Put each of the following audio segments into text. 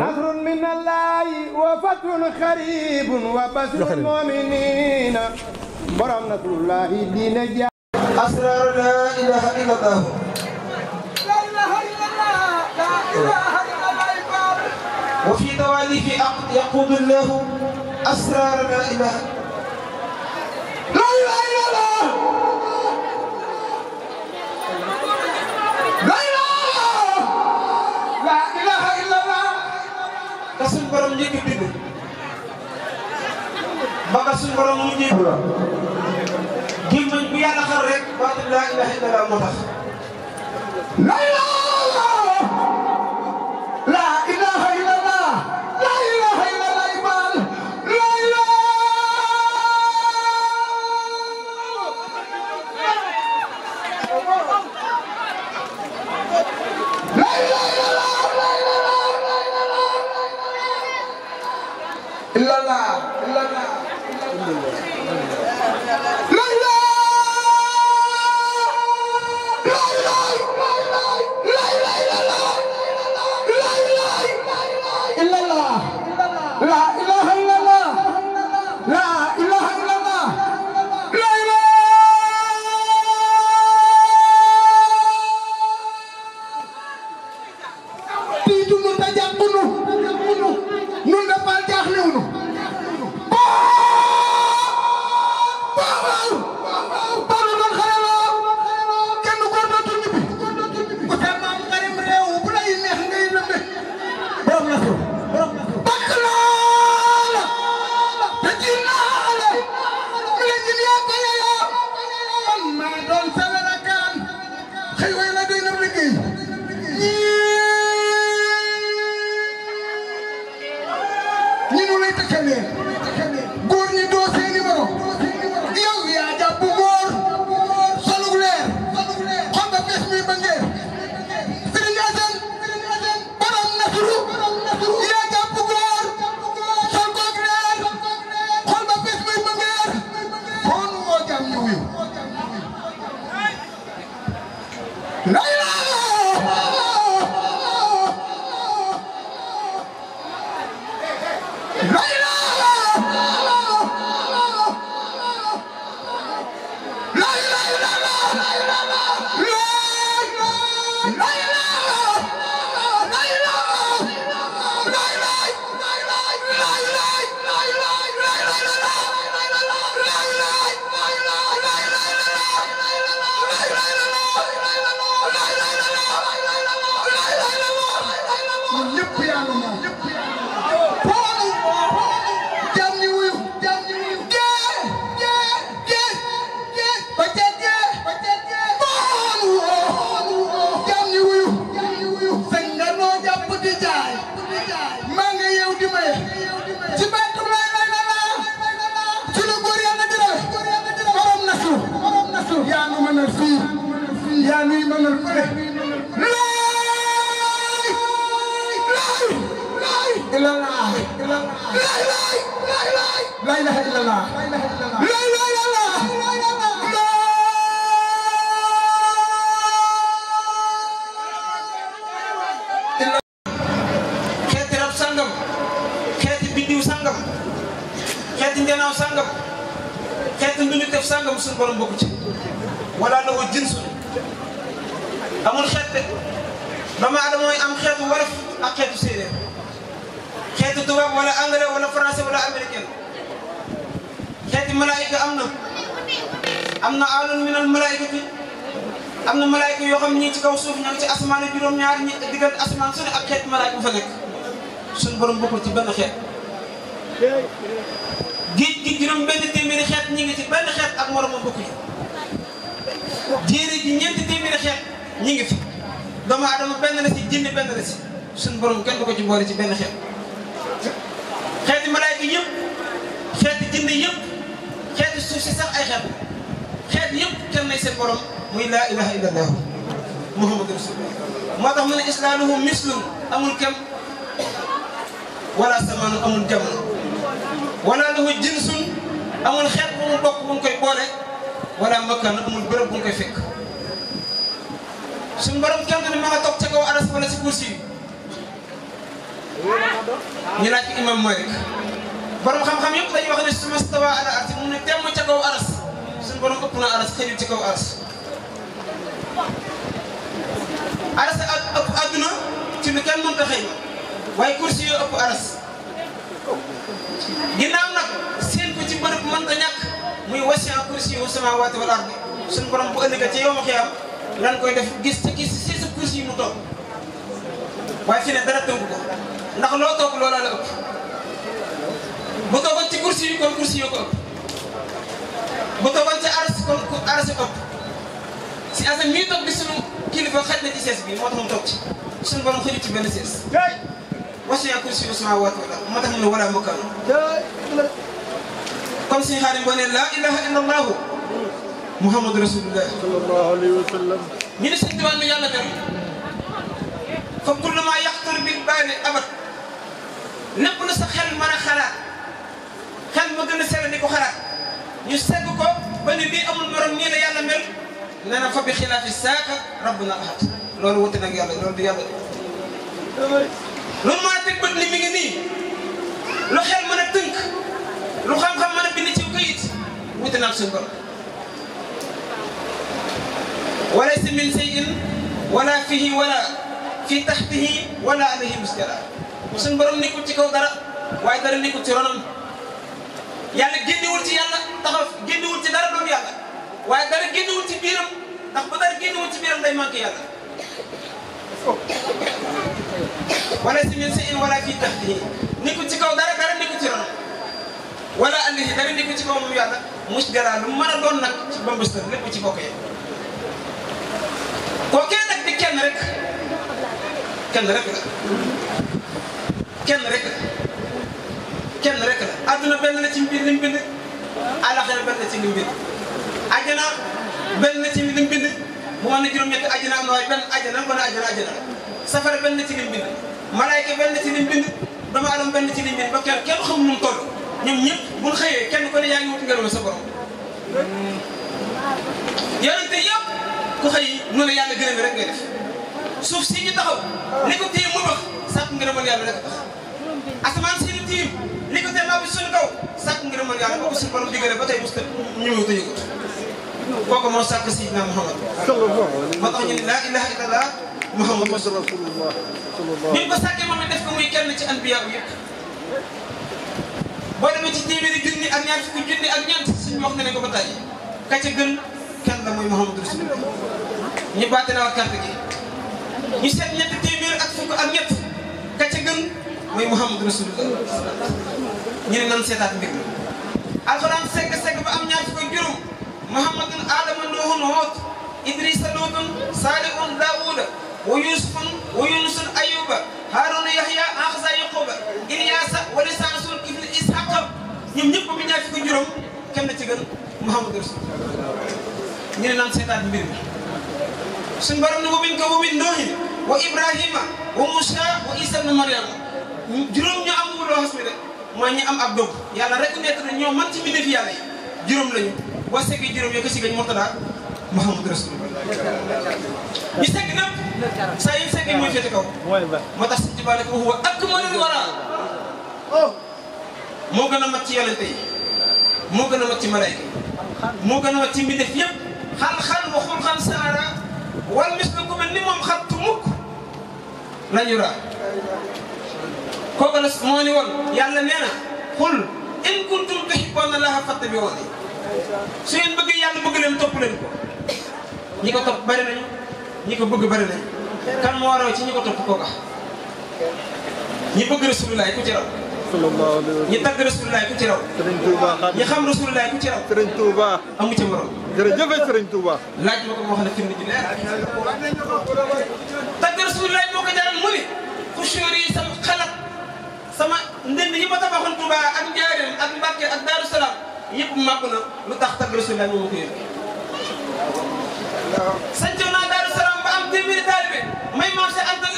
نصر من الله وفتح خريب وبسر المؤمنين برم نصر الله دين أسرار لا إله إلا الله لا إله إلا الله لا إله إلا الله وفي أقد يقود الله أسرار لا إله إلا الله suñ borom njëkk bind ba ka suñ borom mujjee gémmañ bu yàlla xar rek baatu laa ilaaha illallaah moo tax Espírito ginaaw sàngam xet lu ñu def sàngam suñu borom bokku ci wala na wo jinsu amul xet de doomu aadama mooy am xeetu warf ak xeetu séeréer xeetu tubaab wala anglais wala français wala américain xet malaika amna amna am na alun minal malaayikati am na malaayika yoo xam ñi ci kaw suuf ñoo ci asmaan yi juroom ñaar ñi digal asmaan suñu ak xet malaika fa nek suñu borom bokku ci benn xeet ولكن يجب ان يكون هناك اشياء اخرى لانهم يجب ان يكون هناك اشياء اخرى لانهم يجب ان يكون هناك اشياء اخرى لانهم يجب ان يكون هناك اشياء اخرى لانهم يجب ان يكون هناك اشياء اخرى لانهم يجب ان يكون هناك اشياء اخرى لانهم يجب ان يكون هناك اشياء اخرى لانهم يجب ان يكون هناك اشياء اخرى لانهم يجب ان يكون هناك اشياء اخرى لانهم يجب ان يكون wala lahu jinsun amul xeet bu mu bokk bu koy boole wala makkaan amul bërëb bu koy fekk suñu borom kenn ni ma nga toog ca kaw aras wala si kursi yi ñu laaj imam Malik borom xam-xam yëpp dañuy wax ne suma stawa ala arsi mu ca kaw aras suñu borom aras ci kaw aras aras ak ëpp kenn mënta xëy waaye kursi yi aras ginnaaw nag seen ko ci bërëb mënta ñàkk muy wasi'a kursiyyu samaawaati wal ardi suñu borom bu ëllëgee ci yawmal qiyaama lan koy def gis te gis si sa kursi yi mu toog waaye fi ne dara tënku ko ndax loo toog loola la ëpp bu toogoon ci kursi yi kon kursi yi ko ëpp bu ci ars si asam mii toog bi sunu kilifa xaj na ci sees bi moo tax mu toog ci sunu borom xëy ci benn sees. wasiya kursiyu samawati wal ard moo tax ñu ne wala mukano comme suñu xaadim boo ne la ilaha illa allahu muhammadu rasulullah sallallahu alayhi wa sallam ñu ne sëñ Tuubaa mi yàlla dem fa kullu ma yaxtur bi baani abat lépp lu sa xel mën a xalaat xel ma gën a sell di ko xalaat ñu segg ko ba ni bii amul morom nii la yàlla mel nee na fa bi xilaafi saaka rabbuna ahad loolu wute nag yàlla loolu du yàlla de lu maa teg bët ni mi ngi lu xel mën a tënk lu xam-xam mën a bind ci këyit wuti naam suñ borom wala si min sayin wala fihi wala fii taxtihi wala alayhi muskara suñ borom nekkul ci kaw dara waaye dara nekkul ci ronam yàlla génnewul ci yàlla taxaw génnewul ci dara doom yàlla waaye dara génnewul ci biiram ndax bu dara génnewul ci biiram day manqué yàlla foofu si min si in wala fii tahtihi nekku ci kaw dara dara nekku ci ron wala andihi dara nekku ci kaw moom yàlla mus dara lu mën a doon nag ci bambastar lépp ci bokk yi koo kenn nag di kenn rek kenn rek la kenn rek la kenn rek la adduna benn la ci mbir li benn la ci li mu bind àjjana benn la ci li mu mu wax ne juróom-ñetti àjjana am na waaye benn àjjana ba ne àjjana àjjana safara benn ci lim bind malaayka benn ci lim bind doomu aadama benn ci lim bind ba kenn kenn xamul nu ñëpp buñ xëyee kenn ku ne yaa ngi wut ngërëm sa xëy nu la yàlla gërëm rek ngay def suuf si ñu taxaw li mu dox sàkk ngërëmal rek a tax asamaan si ñu tiim li ko tee laa bi suñu kaw sàkk ngërëmal yàlla ba ko suñu borom ba tey mos ta yëgut kooku moo sàkk Seydina Muhammad moo tax ñu ne laa ilaha illallah Muhammad rasulullah bi ko sàkkee moom def ko muy kenn ci anbiya yëpp boo demee ci téeméeri junni ak ñaar fukki junni ak ñeent suñu wax ne ne ko ba tàyyi ka ca gën kenn la muy Muhammad rasulullah ñu baate naa carte gi ñu seet ñetti téeméer ak fukk ak ñett ka ca gën mooy Muhammad rasulullah ñu ne nan seetaat mbir mi alxuraan segg segg ba am ñaar fukki juróom محمد آدم نوح هود إدريس لوط صالح داوود ويوسف ويونس أيوب هارون يحيى أخزى يعقوب إلياس ولسان سور ابن إسحاق ñoom ñëpp bi ñaar fukki juróom kenn ci gën Muhammad Rasul ñu ne naan seetaat mbir mi suñu borom ne wa min ko wa min noohin wa Ibrahima wa Moussa wa Isa ibn Maryam juróom ñu am wuloo xas mi de mooy ñu am ab doom yàlla rek nekk na man ci mbindeef yàlla yi juróom lañu boo seggee juróom yooyu nga seggee Murtada Muhammad Rasulullah ñu segg nag saa yu segg ñu féete kaw moo tax Sëñ Tuubaa nag huwa akmalul wara moo gën a mat ci yonente yi moo gën a mat ci malayka moo gën a mat ci mbindeef yëpp xan-xan wa xul-xan saara wal mis na ku mel ni moom xattu mukk lañu raa kooku la moo ni woon yàlla nee na xul in kuntum tuhibbuuna llaaha fattabi'uuni su ngeen bëggee yàlla bëgg leen topp leen ko ñi ko topp bari nañu ñi ko bëgg bari nañu ci ñi ko topp kooka ñi bëgg rasulullaay ku ci raw ñi tagg rasulullaay ku ci raw ñi xam rasulullaay ku ci raw sëriñ Touba amu ci morom jërëjëf sëriñ Touba laaj ma ko moo xam ne firnde ji leer tagg rasulullaay yi sama xalaat sama bu yi ma tabaxoon Touba ak Njaaréem ak Mbàkke Salaam يقول لك يب مكنا لتخ أنا لنا مخير سنتنا دار السلام بام تيمير طالب ماي مارشي أنا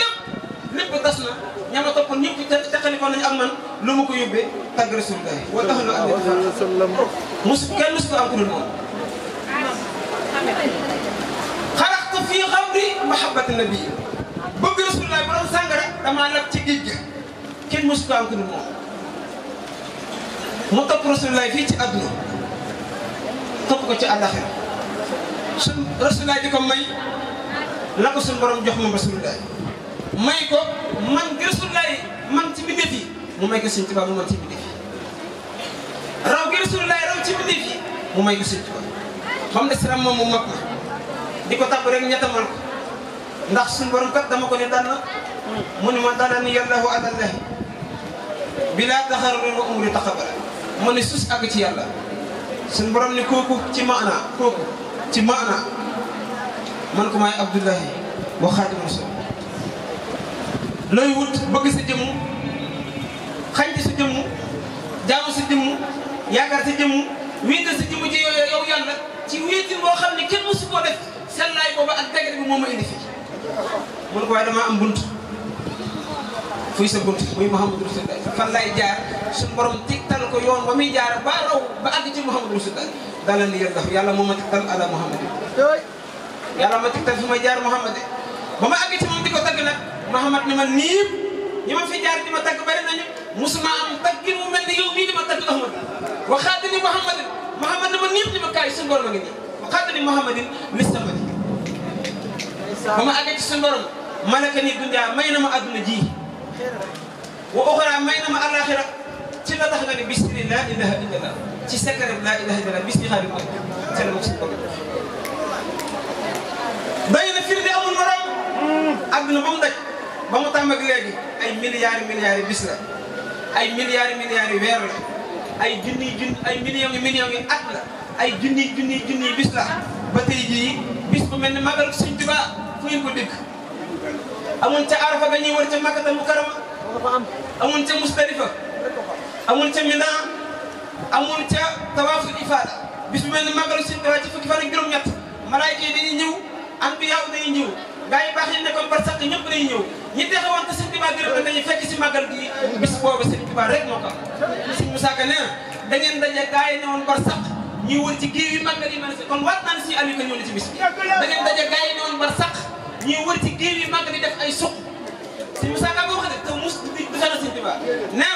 لب لب تاسنا نيما توك نيب أنا تخليفو نني اك مان لومو كو أنا تغرس لنا وتخ لو اندي صلى أنا عليه وسلم مس كان مس كو أنا مون خرجت في غمري محبة النبي أنا الله بران سانغ رك دما نك أنا ديج كين مس كو اكل مون mu topp rasulilaay fii ci àdduna topp ko ci àllaxira suñ rasulilaay di ko may la ko suñ borom jox moom rasulilaay may ko man gi rasulilaay man ci bindéef yi mu may ko sëñ Tuubaa mu man ci bindéef yi raw gi rasulilaay raw ci bindéef yi mu may ko sëñ Tuubaa xam ne siram moom mu mag ma di ko tàbb rek ñettamal ko ndax suñ borom kat dama ko ne daan na mu ne ma daan na ni yàlla wa alallahi bilaa taxarul wa umri ma ne sus àgg ci yàlla suñu borom ne kooku ci maana kooku ci maana man ko maay Abdullahi wa Xaadimu Rasul looy wut bëgg sa jëmm xañte sa jëmm jaamu sa jëmm yaakaar sa jëmm wéetal sa jëmm ji yooyu yow yàlla ci wéetil boo xam ne kenn mësu koo def sellaay boobu ak dagg bi moo ma indi fii man ko waaye damaa am bunt fuy sa bunt muy muhammadu rasulullah fan lay jaar sun borom tiktal ko yoon bamuy jaar ba raw ba ag ci muhammadu rasulullah dalal ni yalla yalla moo ma tiktal ala muhammad yalla ma tiktal fuma jaar muhammad bama ag ci mom diko tag nak muhammad ni man ni ñi ma fi jaar di ma tagg bari nañu musuma am taggin mu melni ni yow mi di ma tagg ahmad wa ni muhammad muhammad ni man ni di ma kaay sun borom ngi wa nii waxaat ni sama ni ba ma ci sun borom malaka ni dunya mayna ma aduna ji wa oxra may na ma laa bis bi xaar yu ci la ba mu daj ba mu tàmm ak léegi ay milliards ay milliards milliards weer la ay junni junni ay millions yi millions yi at la ay ba tey jii bis bu mel ne magal amuñ ca arafa ga ñuy wër ca makkatal mukarrama amuñ ca mustalifa amuñ ca mina amuñ ca tawaaful ifaada bis bu mel ni màggalu si ci fukki fan ak juróom-ñett malaayka yi dañuy ñëw anbiyaaw dañuy ñëw gaa yi baax yi nekkoon bar sax ñëpp dañuy ñëw ñi taxawoon te sëñ Tuubaa gërëm na dañuy fekk si màggal gi bis boobu sëñ Tuubaa rek moo ko am sëñ Musaa Ka na ci géew yi màggal yi mel na ci bis ñuy wër ci géej yu mag di def ay suq si Moussa Ka boo xam ne te mus di xelal Sëñ Tuubaa nee na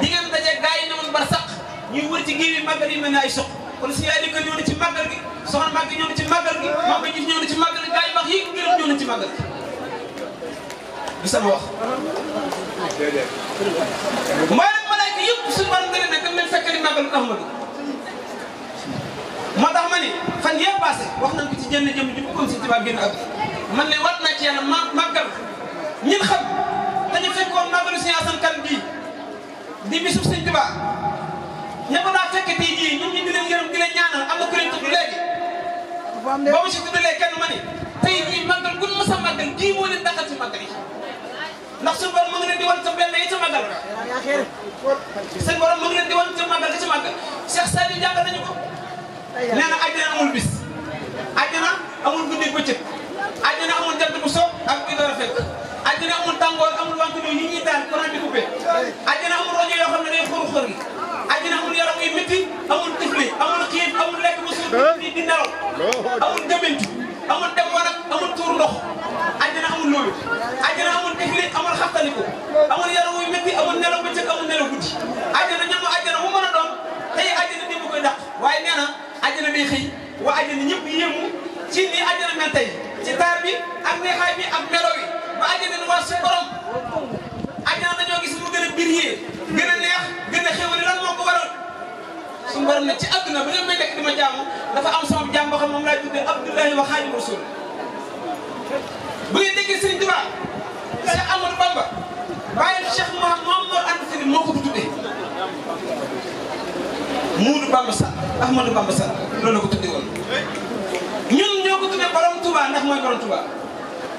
di ngeen daje gaa yi ne woon bar sax ñuy wër ci géej yu mag di mel ne ay suq kon si yaay di ko ñëw na ci màggal gi soxna Mbàkke ñëw na ci màggal gi maa ngi ñëw na ci màggal gi gaa yu baax yi gërëm ñëw na ci màggal gi du sama wax. mboolem malaaka yëpp suñu borom gën a nekk mel fekk ni màggalu Ahmadu moo tax ma ni fan yee passé wax nañ ko ci jenn jëm ju bëggoon Sëñ Tuubaa génn ak man ne war naa ci yàlla ma màggal ñin xam dañu fekkoon màggalu Sëñ Asan Kan bii di bisub Sëñ Tuubaa ña ko daa fekk tey jii ñun ñu di leen yërëm di leen ba mu si tuddalee kenn ma ne tey gun ma sa gii moo leen daxal ci màggal yi ndax suñu borom mu ngi leen di wan sa benn yi ca màggal na àjjana amul bis àjjana àjjana amul rajo yoo xam ne day xur-xur yi àjjana amul yaram yu métti amul tifli amul xiif amul lekk bu suur di di nelaw amul jëminti amul dem wanak amul tuur ndox àjjana amul loolu àjjana amul tifli amul xaftaliku amul yaram yu métti amul nelaw bëccëg amul nelaw guddi àjjana ñamu àjjana mu mën a doon tey àjjana di bu koy dàq waaye nee na àjjana day xëy waa àjjana ñëpp yéemu ci nii àjjana mel tey ci taar bi ak neexaay bi ak melo bi ba àjjana ni waa suñu borom mbir yi gën a neex gën a xéwale lan moo ko waral suñu borom ne ci àdduna ba ngeen may nekk dama jaamu dafa am sama jaam boo xam moom laay tuddee Abdullahi wa Xaadimu Rasul bu ngeen déggee Sëriñ Tuubaa Cheikh Amadou Bamba bàyyi Cheikh Mouhamadou Anta Sali moo ko tuddee Muudu Bamba Sall Ahmadou Bamba Sall loolu la ko tuddee woon ñun ñoo ko tuddee borom Touba ndax mooy borom Touba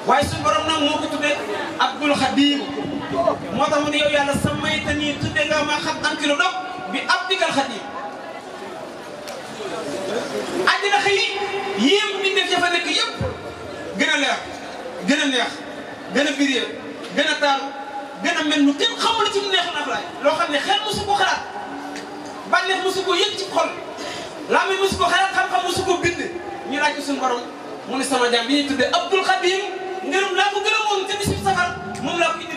waaye suñu borom nag moo ko tuddee Abdul Xadim moo tax mu ne yow yàlla sa mayta nii tudde nga ma xam an kilo dok bi ab digal xat yi àddina xëy yéem bi def jafe ya nekk yëpp gën neex gën a biree taal gën mel nu kenn xamul ci mu neexoon ak laay loo xam xel ko ko ci xol ko xam-xam ko ñu laaj borom mu sama jàmm bi ñuy Abdul Khadim. ngërëm laa ko gën a woon te safar ko indi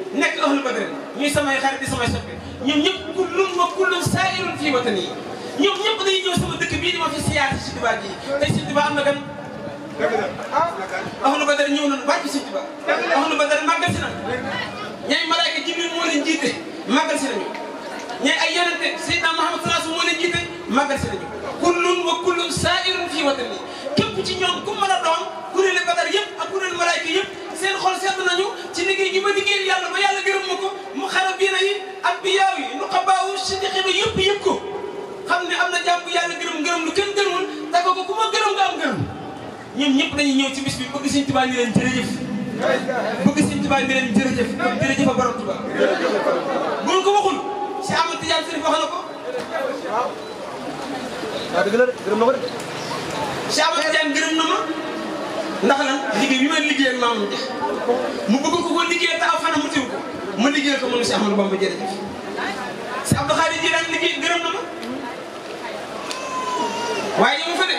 nekk ahlu badr ñuy samay xarit di samay soppe ñoom ñëpp kullum wa kullum saa'irun fii watani ñoom ñëpp day ñëw sama dëkk bii ma fi siyaasi si Tuubaa ji tey am na gan. ahlu badr ñëw nañu wàcc si Tuubaa. ahlu badr màggal si nañu. ñay malaaka Jibril si nañu. ñay ay yonente Seydina Muhammad sallallahu alayhi wa sallam moo leen jiite màggal si nañu. kullum wa kullum saa'irun fii watani képp ci ñoom ku mën a doon kuréelu badar yëpp ak kuréelu yëpp. seen xol sedd nañu ci liggéey gi ma liggéeyal yàlla ba yàlla gërëm ma ko mu xara biina yi ak bi yaaw yi nu xabaawu si xeba yëpp yëpp ko xam ne am na jàmm bu yàlla gërëm gërëm ko ku ma gërëm nga am gërëm ñoom ñëpp dañuy ñëw ci bis bi bëgg Sëñ Tuubaa ni leen jërëjëf bëgg Sëñ Tuubaa ni leen jërëjëf kon jërëjëf a borom ko waxul si Ahmad Tijaan Sërif wax na ko waaw dëgg la gërëm na ko ma ndax lan liggéey bi ma liggéeyal maam mu def mu bëgg ko ko liggéey taxaw fana mu tiw ko ma liggéeyal ko mënu si Ahmadou Bamba jërëjëf si Abdou Khadir ji daan liggéey gërëm na ma waaye ñu fa de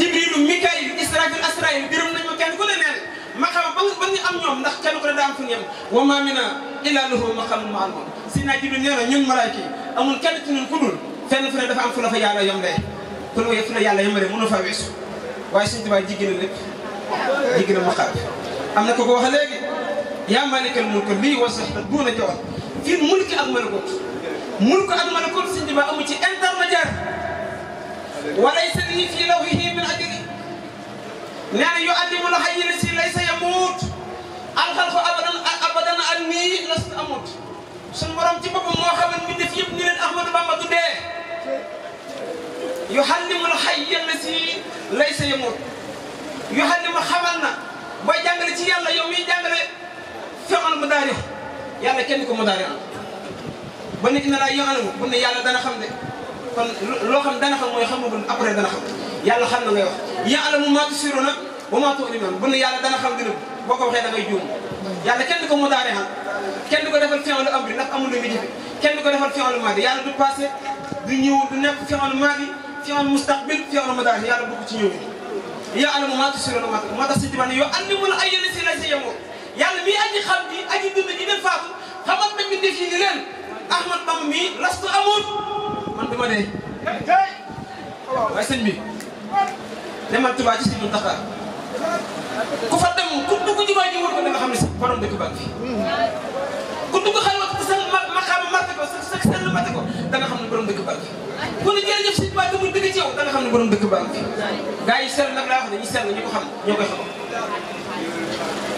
Jibrilu Mikaayil Israafil Asraayil gërëm ma kenn ku ne nee ma xam ba ba ñu am ñoom ndax kenn ku ne daa fu ñu yem wa maa minaa illaa lahu maqaamun ma'luum si naa Jibril nee na ñun malaaka yi amul kenn ci ñun ku dul fenn fu ne dafa fu la fa yàlla yombalee ku ne fu la yàlla yombalee mënu faa weesu waaye suñu tubaab jigéen lépp jigéen mu xaar am na ko ko wax léegi yaa malikal mulk lii wasa buuna jawal fii mulki ak malakut mulk ak malakut sëñ bi amu ci intermédiaire walaysa lii fii lawhihi min ajri nee na yu addimu la xayina si laysa yamuut alxalqu abadan abadan an nii last amut suñu borom ci boppam moo xamal mi def yëpp ni leen Ahmadou Bamba tuddee yu xallimul xayina si laysa yamuut يهلم خملنا باي جانغل سي يالا يومي جانغل فمان مداري يالا كين كو مداري با نيت نلا يوغال بو ن يالا دا نا خم دي كون لو خم دا نا خم موي خم بو ابري دا نا خم يالا خم نغا يخ يعلم ما تسرون وما تعلمون بو ن يالا دا نا خم دي بوكو وخي دا غاي جوم يالا كين كو مداري ها كين كو ديفال فيون لو امري ناك امولو ميدي كين كو ديفال فيون لو مادي يالا دو باسي دو نيو دو نيك فيون لو مادي فيون المستقبل فيون لو مداري يالا بوكو تي نيو ya'lamu maa tusirruuna wa maa tu'linuun moo tax sëñ bi ne yu'allimul ayyuuna si si yemoo yàlla mii aji xam ji aji dund ñi leen faatu xamal nañ ñu def yi ni leen Ahmad Bamba mii lastu amut man duma dee. waaye sëñ bi demal Tuubaa ci sëñ Muntaxa ku fa dem ku dugg jumaa ji wër ko da nga xam ne borom dëkk baa ngi fi hmm. ku dugg xalwa ma mate ko da nga xam ne borom dëkk baa ngi fi ku ne jërëjëf sëñ Tuubaa te muy dëgg ci fi gars ñu ko xam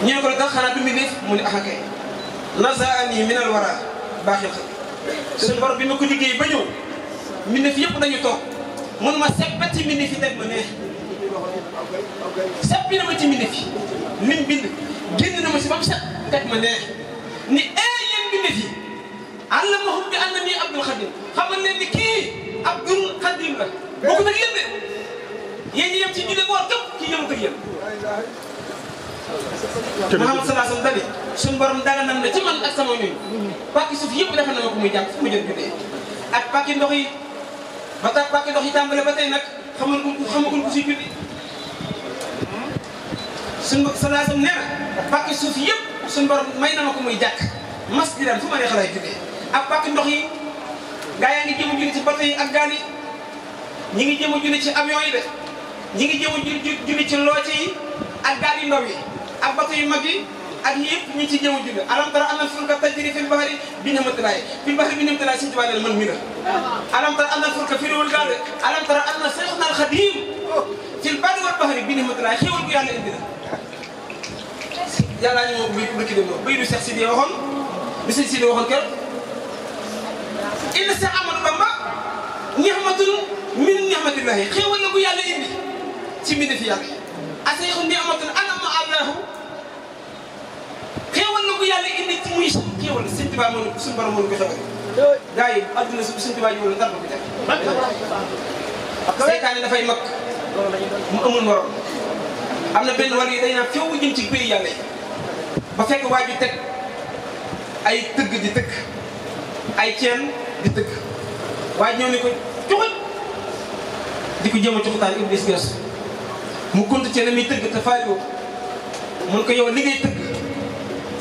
ñu ne ko da xanaa du mbindeef mu ne axakay ah nasaani minal wara baaxil bi ma ko liggéey ba ñëw mbindeef yëpp dañu toog mun ma seppat ci mbindeef yi teg ma ne seppi na ma ci mbindeef yi lim bind génn na ma si ba set teg ma ne ni ee eh, yéen mbindeef allamahum bi annani abdul xadim xamal leen ni ki abdul xadim la bokk nag Yang de yéen ci yang woor képp kii yemut ak yéen Muhammad salaa sallam dani suñ borom daganal na ci man ak sama ñun pàkki suuf yëpp defal na ma ko muy jàpp fu mu jël Pakai ak pàkki ndox yi ba tax pàkki ndox yi tàmbale ba tey nag xamal ko ko borom suuf ak pàkk ndox yi gaa yaa ngi jëm a julli ci bato yi ak gaal yi ñi ngi jëm a julli ci avion yi de ñi ngi jëm a julli ci looce yi ak gaal yu ndaw yi ak bato yu mag yi ak yëpp ñi ci jëm a julli alam tara anna fulka tajri fil bahri bi ni'matillahi fil bahri bi ni'matillahi Sëñ Tuubaa nee na man mi la alam tara anna fulka firiwul gaal de alam tara anna Seyxuna al Xadim fil barri wal bahri bi ni'matillahi xéwal bu yàlla indi la yàllaa ñu moom bu bu kii dem ba bay du Seex Sidi waxoon bi Sëñ Sidi waxoon keroog inna Seex Ahmadu Bamba ñaxmatun min ñaxmatillahi xéewal la bu yàlla indi ci mbir fi yàlla asayxun ni'matun anama allahu xéewal la bu yàlla indi ci muy xéewal Sëñ Tuubaa moom suñu borom moo ko xéewal adduna su Sëñ Tuubaa ñëwul dara ko jàpp seytaane dafay mag mu amul morom am na benn war day naan féewu jëm ci pays yàlla ba fekk waa teg ay tëgg di tëgg ay ceen di tëgg waaye ñëw ni ko cuxuj di ko jëm a cuxutaan iblis gës mu kunt ci la muy tëgg te faajoo mun ko yow liggéey ngay tëgg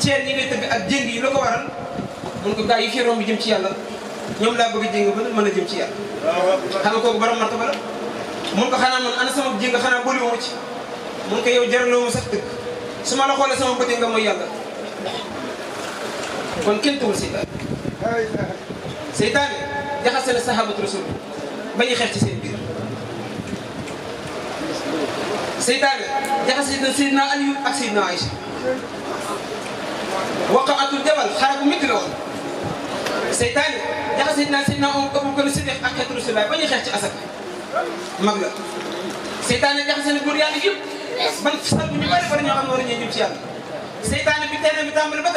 ceen yi ngay tëgg ak jéng yi la ko waral mun ko gaa yi fi bi jëm ci yàlla ñoom laa bëgg a jéng ba a jëm ci yàlla xam nga kooku borom martaba mun ko xanaa man ana sama jéng xanaa booli wu ci mun ko yow jaraloo ma sax tëgg su ma la xoolee sama bëte nga mooy yàlla kon kenn tuwul si daal seytaane jaxase la sahabatu rasul ba ñuy xeex ci seen biir seytaane jaxase na Seydina Aliou ak Seydina Aïcha waqaatul jabal xare bu métti la woon seytaane jaxase na Seydina Omar Abu Bakar Siddiq ak xeetu rasul ba ñuy xeex ci asaka mag la seytaane jaxase na góor yàlla yëpp man sax bu ñu bëri bëri ñoo xam bi terrain bi tàmbali ba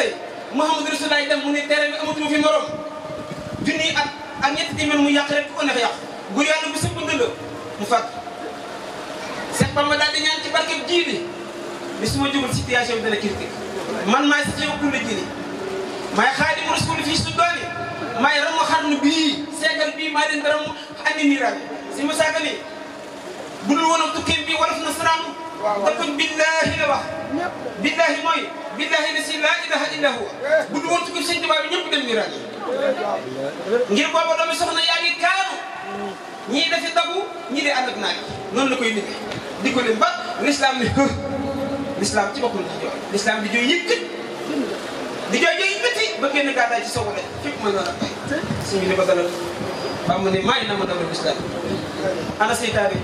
mu ne terrain bi amatuma fi morom junni ak ak ñet timen mu yaq rek ko neex yaq gu yalla bu sepp ndul mu fàtt Seex Bamba daal di ñaan ci barke jii bi ni su situation bi la critique man maay ci yow kulle jii may khadim rasul fi su dooni maay ramu xarnu bi segal bi ma leen dara mu andi niiraam si mu sagali eh. bu dul woon tukki bi walaf wolof salam te kuñ billahi la wax billahi moy billahi la si laa ilaha illa huwa bu dul woon bi dem niiraam ngir booba doomi soxna yaa ngi kaanu ñii dafi dabu ñii di ànd ak naaj noonu la koy liggéey di ko lim ba lislaam ni lislaam ci boppam di jooy lislaam di jooy yëkkët di jooy jooy métti ba génn gàddaay ci sowu rek fépp mën naa la bay suñu ni ko dalal ba mu ne maay na ma dalal lislaam ana say taari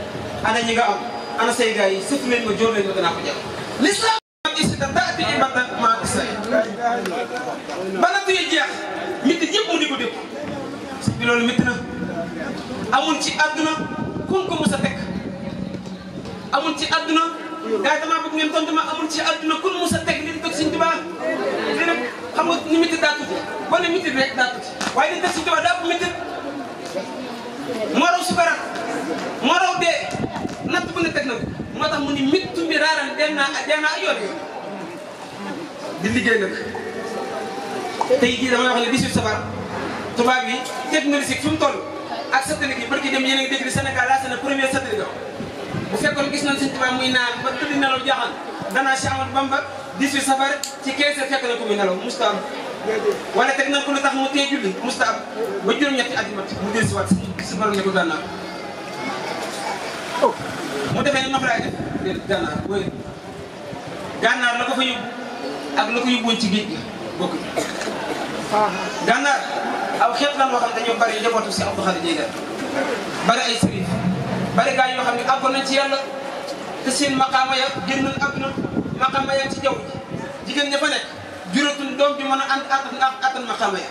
ana ñi nga am ana say gars yi sëf leen ma joor leen ma danaa ko jàpp lislaam isi ta ta bi ibadat ma islam ba na tuye jeex ñëpp mu di ko dégg si bi loolu na amul ci adduna kun ko mus a teg amul ci àdduna gars dama bëgg ngeen tontu ma amul ci àdduna kun mus a teg ni métti daa tuuti ba ne métti daa tuuti waaye li toog Sëñ Tuubaa daa raw dee natt bu ne teg na moo tax mu ni mittu mi raaran dem naa dem yoon di liggéey nag tey jii dama wax ne 18 safar tubaab yi technologique fu mu toll ak satellite yi bari ki dem yéen a ngi dégg di Sénégal laa seen premier satellite bu fekkoon gis nañ suñ tubaab muy naan ba tëdd nelaw jaxal danaa Cheikh Ahmadou Bamba 18 safar ci 15 fekk na ko muy nelaw mustaam wala teg nañ ko lu tax mu tee julli mustaam ba juróom-ñetti at yi mat mu dellu si waat si borom ko gànnaar mu defee ni noflaay def déet gànnaar booy la ko fa yóbbu ak la ko yóbbuwoon ci géej bokk gànnaar aw xeet lan moo xam ne dañoo bari njabootu si Abdou Khadre Jeylani bari ay sëriñ bari gaa yoo xam ne àggoon nañ ci yàlla te seen maqaama ya génnoon àdduna maqaama ya ci jaww ji jigéen ña fa nekk juratuñ doom bi mën a ànd àttan àttan maqaama ya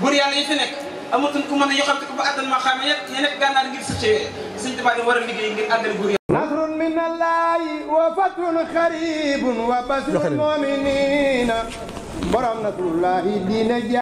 buur yàlla yi fi nekk amatuñ ku mën a yoo xam te ko ba àttan maqaama ya ya nekk gànnaar ngir sëcc yooyu suñ tubaab yi war a liggéey ngir àggal buur yàlla nasrun min allahi wa fatun xaribun wa basrul muminina borom nasrullahi diine